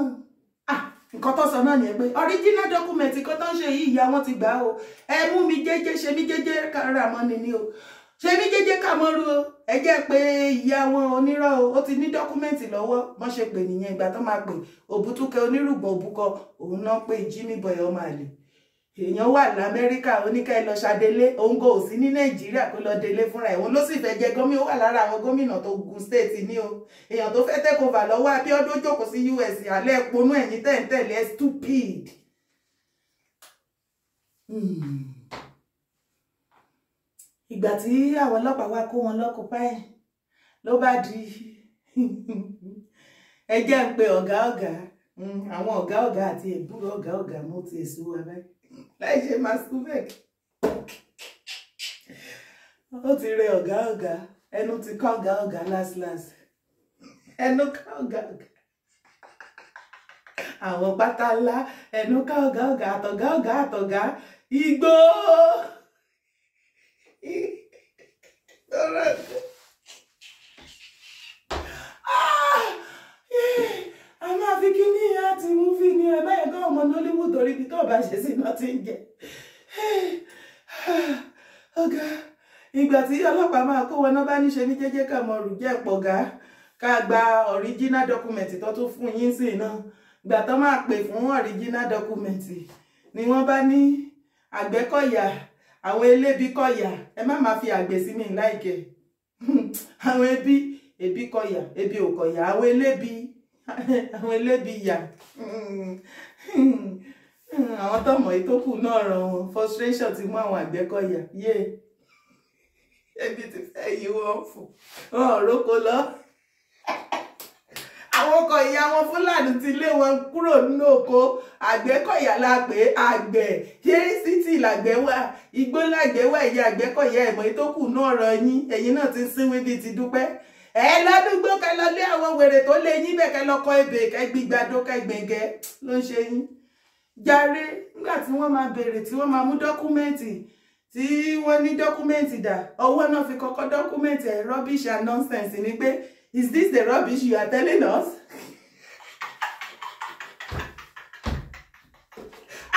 ah, nǹkan tó sọ náà nìyẹn pé original document kan tó ń ṣe yìí ìyá wọn ti gbà á o ẹ mú mi jẹ́jẹ́ ṣe mí jẹ́jẹ́ kára ni o ṣe ní jẹ́jẹ́ Kàmọ́rù o ẹ pé ìyá wọn onírọ́ o ó ti ní dọ́kúmẹ́ǹtì lọ́wọ́ wọ́n ṣe pè nìyẹn ìgbà tó máa pè òbútúkẹ onírùgbọ̀n òbúkọ òun náà pé Jimmy Boy ọmọ àlè èèyàn wà lamẹ́ríkà oníkẹ́ lọ ṣàdélé òun kò sí ní nàìjíríà kó lọ délé fúnra ẹ̀ òun ló sì fẹ́ jẹ gómìnà wà lára àwọn gómìnà tó gun state ní o èèyàn tó fẹ́ tẹ́kọ̀ọ́bà lọ́wọ́ Abíọ́dún jókòó sí US alẹ́ ponú ẹ̀yìn tẹ̀ǹtẹ̀lẹ́ stupid. Hmm ìgbà tí àwọn ọlọ́pàá wá kó wọn lọ́kùpá ẹ̀ ló bá di ẹ jẹ́ ń pe ọ̀gá ọ̀gá hmm, àwọn ọ̀gá ọ̀gá àti ẹ̀búrò ọ̀gá ọ̀gá mo ti èso wa báyìí láì ṣe masubek ó ti rẹ ọ̀gá ọ̀gá ẹnu ti ká ọ̀gá ọ̀gá last last ẹnu ká ọ̀gá ọ̀gá àwọn pátá ńlá ẹnu ká ọ̀gá ọ̀gá àtọ̀gá ọ̀gá àtọ̀gá igbó ọ̀rẹ́ ah, mi. a máa fi kíní àti múfì ní ẹ báyìí kọ́ ọmọ Nollywood torí ibi tó bá ṣe sí iná ti ń jẹ. Ah, ọ̀gá ìgbà tí ọlọ́pàá máa kó wọn náà bá níṣe ní jẹ́jẹ́ ká mọ rùjẹ́ pọ̀ gá ká gba original document tó tún fún yín sí iná gbà tó máa pè fún original document ni wọ́n bá ní Àgbẹ̀kọ̀yà àwọn elébi kọ̀yà ẹ má máa fi àgbè sí mi láìkẹ́ àwọn ebi ebi kọ̀yà ebi ò kọ̀yà àwọn elébi àwọn elébi yà àwọn tọmọ ìtókù náà ràn wọn frustration ti mú àwọn àgbẹ̀kọ̀yà yé ebi ti fẹ́ yí wọ́n fò wọn ò róko àwọn ọkọ ìyá wọn fúlàní ti lé wọn kúrò nínú oko àgbẹ̀kọ̀yà la pé àgbẹ̀ ṣé sítì làgbẹ̀ wà igbó làgbẹ̀ wà ìyá àgbẹ̀kọ̀yà ẹ̀mọ́ tó kù náà rọ yín ẹ̀yin náà ti ń sínwín bíi ti dúpẹ́ ẹ lọ́dúgbò kẹ lọ lé àwọn wèrè tó lé yín bẹ́ẹ̀ kẹ lọ́kọ ebè kẹ gbígbàdó kẹ gbẹ̀ngẹ́ ló ń ṣe yín jàre nígbà tí wọ́n máa bèrè tí wọ́n máa mú dọ́kúmẹ́ǹtì tí wọ́n ní dọ́kúmẹ́ǹtì dà ọwọ́ náà fi kọ́kọ́ dọ́kúmẹ́ǹtì ẹ̀ rọ́bìṣà nọ́nsẹ̀nsì ni pé Is this the rubbish you are telling us?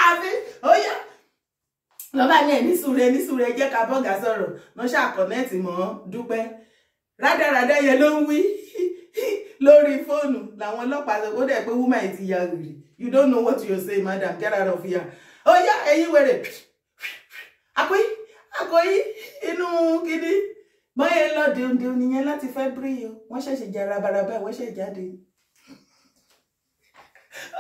Àbí ó yá lọ́ba ní ẹ̀ ní sùúrù ẹ̀ ní sùúrù ẹ̀ jẹ́ ká bọ́gà sọ̀rọ̀ lọ́ ṣàkọ́mẹ́ǹtì mọ́ rada rádaràdá yẹn ló ń wí lórí fóònù làwọn ọlọ́pàá sọ kó dẹ̀ pé woman ti ya wìrì you don't know what you say madam get out of here ó yá ẹ̀yin wẹ̀rẹ̀ àkóyí àkóyí inú kidi báyẹn lọ dèndé nìyẹn láti fẹ́ bíríyì o wọ́n ṣẹ̀ṣẹ̀ jẹ́ rabaraba wọ́n ṣẹ̀ jáde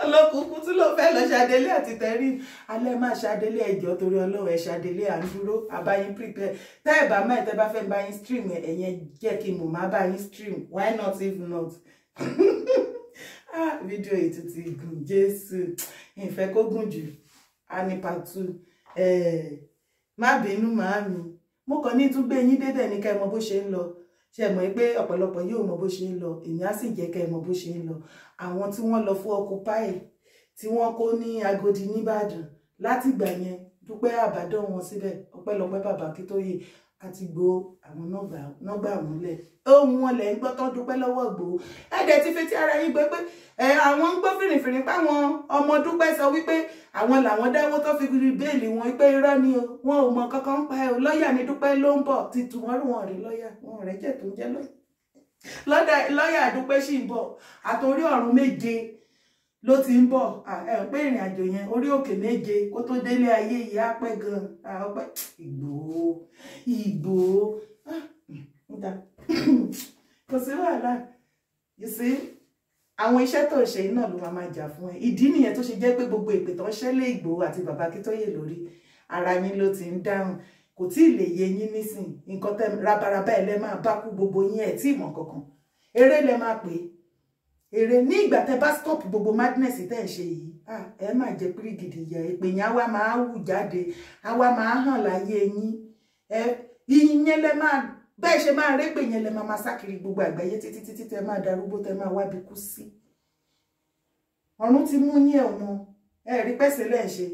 ọlọ́kùnkùn tí ló fẹ́ lọ ṣàdélé àti tẹ̀rí alẹ́ máa ṣàdélé ẹjọ́ torí ọlọ́wọ́ ẹ ṣàdélé à ń dúró àbáyín prepare tá ẹ̀ bá má ẹ̀ tẹ́ bá fẹ́ báyín stream ẹ̀yẹn jẹ́ kí n mọ̀ má báyín stream why not if not ah fídíò ètò ti gùn jésù ìfẹ́ kó gùn jù á ní part two eh, má bínú màámi mo kàn ní tún gbé yín dédé ní ká ẹ mọ bó ṣe ń lọ ṣe mọ̀ pé ọ̀pọ̀lọpọ̀ yóò mọ bó ṣe ń lọ èmi á sì jẹ́ ká ẹ mọ bó ṣe ń lọ àwọn tí wọ́n lọ fún Occupy tí wọ́n kó ní Agodi nìbàdàn látìgbà yẹn dúpẹ́ àbádọ́ wọn síbẹ̀ ọpẹ́lọpẹ́ bàbá Akíntóyè àti gbo àwọn nọ́gbà múlẹ̀ ohun wọn lẹ̀ ń gbọ́ tó dúpẹ́ lọ́wọ́ Ìgbòho ẹ̀dẹ̀ ti fi ti ara yín gbé pé àwọn ń gbọ́ fìrìfìrì páwọn ọmọ dúpẹ́ sọ wípé àwọn làwọn dáwó tó fi rí bẹ́ẹ̀lì wọn pé irọ́ ni o wọn ò mọ kankan ń pa ẹ o lọ́ọ̀yà ni dúpẹ́ ló ń bọ̀ ti tù wọ́n rí wọn rí lọ́ọ̀yà wọn rẹ̀ jẹ́ tó ń jẹ́ lọ́ọ̀yà lọ́ọ̀yà dúpẹ́ sì ń bọ̀ àtòrí ọ̀run méje ló ti ń bọ̀ ẹ pé ìrìn àjò yẹn orí òkè méje kó tó délé ayé yìí á pẹ́ gan-an ọpẹ́ Ìgbòho Ìgbòho níta kò sí wàhálà you see àwọn iṣẹ́ tó ṣe iná ló máa jà fún ẹ ìdí nìyẹn tó ṣe jẹ́ pé gbogbo ìpè tó ń ṣẹlẹ̀ Ìgbòho àti bàbá Akíntóyè lórí ara yín ló ti ń dáhùn kò tí ì lè yé yín nísìn nǹkan tẹ́ rabaraba ẹ̀ lẹ́ máa bá kú gbogbo yín ẹ̀ tí ì kankan eré lẹ́ máa pè é èrè ní ìgbà tẹ bá stop gbogbo madness tẹ́ ń ṣe yìí ẹ má jẹ pírí gidi yẹ èpè yẹn á wá máa hù jáde á wá máa hàn láyé yín ẹ ìyẹn lẹ máa bẹ́ẹ̀ ṣe máa répè yẹn lẹ máa gbogbo àgbáyé títí títí tẹ máa darúgbó tẹ máa wábi kú sí ọ̀run ti mú yín ẹ̀ wọn ẹ rí pẹ́sẹ̀ lẹ́ ń ṣe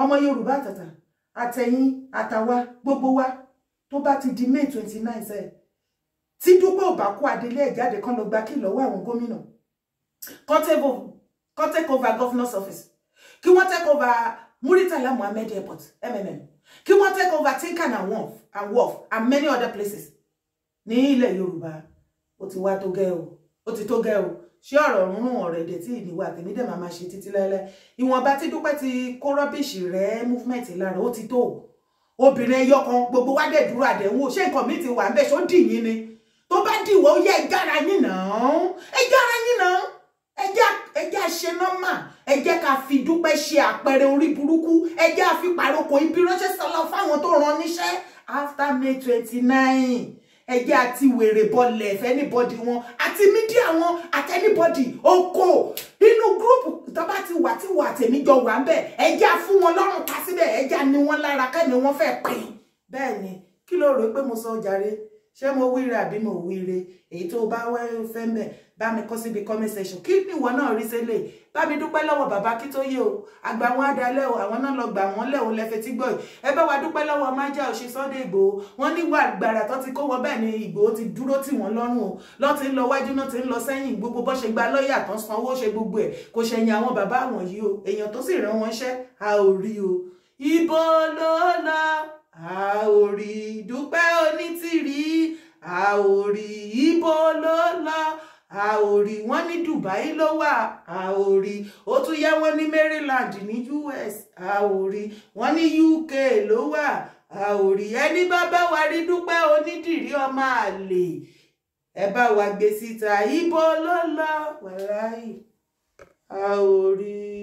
ọmọ tata àtàtà atawa àtàwa gbogbo wa tó bá ti di May twenty nine sẹ́ẹ̀ tí dúpọ̀ bá kó adelé ẹ̀ gba kí lọ́wọ́ àwọn gómìnà kan take over take over governor's office kí want take over Muritala Muhammed airport mmm kí want take over Tinkan and Wharf and Wharf and many other places ní ilẹ̀ Yorùbá ó ti wá tó gẹ́ o ó ti tó gẹ́ o ṣé ọ̀rọ̀ rúnrún ọ̀rẹ́ dẹ̀ tí ìníwà tèmi dẹ̀ máa ṣe títí láéláé ìwọ̀nba tí Dúpẹ́ ti kó rọ́bìṣì movement lára ó ti tó obìnrin ẹyọ kan gbogbo wá dẹ̀ dúró àdẹ̀wò ṣé nǹkan mi ti wà ń bẹ̀ ṣó dìyín ni tó bá dìwọ́ ó yẹ ẹ gára yín náà ẹ ẹ jẹ́ nọ́mà ẹ ká fi dúpẹ́ ṣe àpẹẹrẹ orí burúkú ẹ jẹ́ àfi pàrokò ibi ránṣẹ́ sọlọ fáwọn tó rán níṣẹ́ after May twenty nine ẹ jẹ́ àti wèrè bọ́lẹ̀ fẹ́nibọ́dì wọn àti mídíà wọn àtẹnibọ́dì oko nínú gúrúùpù tó bá ti wà tí wà tèmi jọ wà ń bẹ̀ ẹ jẹ́ fún wọn lọ́rùn pa síbẹ̀ ẹ jẹ́ ni wọ́n lára kẹ́ni wọ́n fẹ́ pín bẹ́ẹ̀ ni kí ló rò pé mo sọ jàre ṣé mo wíire àbí mo wíire èyí tó bá wẹ́ fẹ́ mẹ́ bá mi kọ́ síbi comment section kí nìwọ náà rí sílẹ̀ bá mi dúpẹ́ lọ́wọ́ bàbá kí tó yé o àgbà wọn adalẹ́ o àwọn náà lọ gbà wọ́n lẹ̀ o lẹ́fẹ̀ẹ́ tí gbọ́ ẹ bá wa dúpẹ́ lọ́wọ́ májá òṣì Sunday Ìgbòho wọn níwà gbàrà tó ti kó wọn bẹ́ẹ̀ ni Ìgbòho ti dúró tì wọ́n lọ́rùn o lọ́ ti ń lọ wájú náà ti ń lọ sẹ́yìn gbogbo bọ́ ṣe gba lọ́ọ̀yà tán sanwó ṣe gbogbo ẹ̀ kò ṣẹ̀yìn àwọn bàbá wọ̀nyí o èèyàn tó sì rán wọn ṣẹ́ a ò rí o ìbọn a ò rí dúpẹ́ onítìrí a ò rí ibo ló lọ a ò rí wọn ní Dubai ló wà a ò rí ó tún yá wọn ní Maryland ní US a ò rí wọn ní UK ló wà a ò rí ẹni bá bá wa rí dúpẹ́ onídìrí ọmọ àlè ẹ bá wa gbé síta ibo ló lọ wàláì a ò rí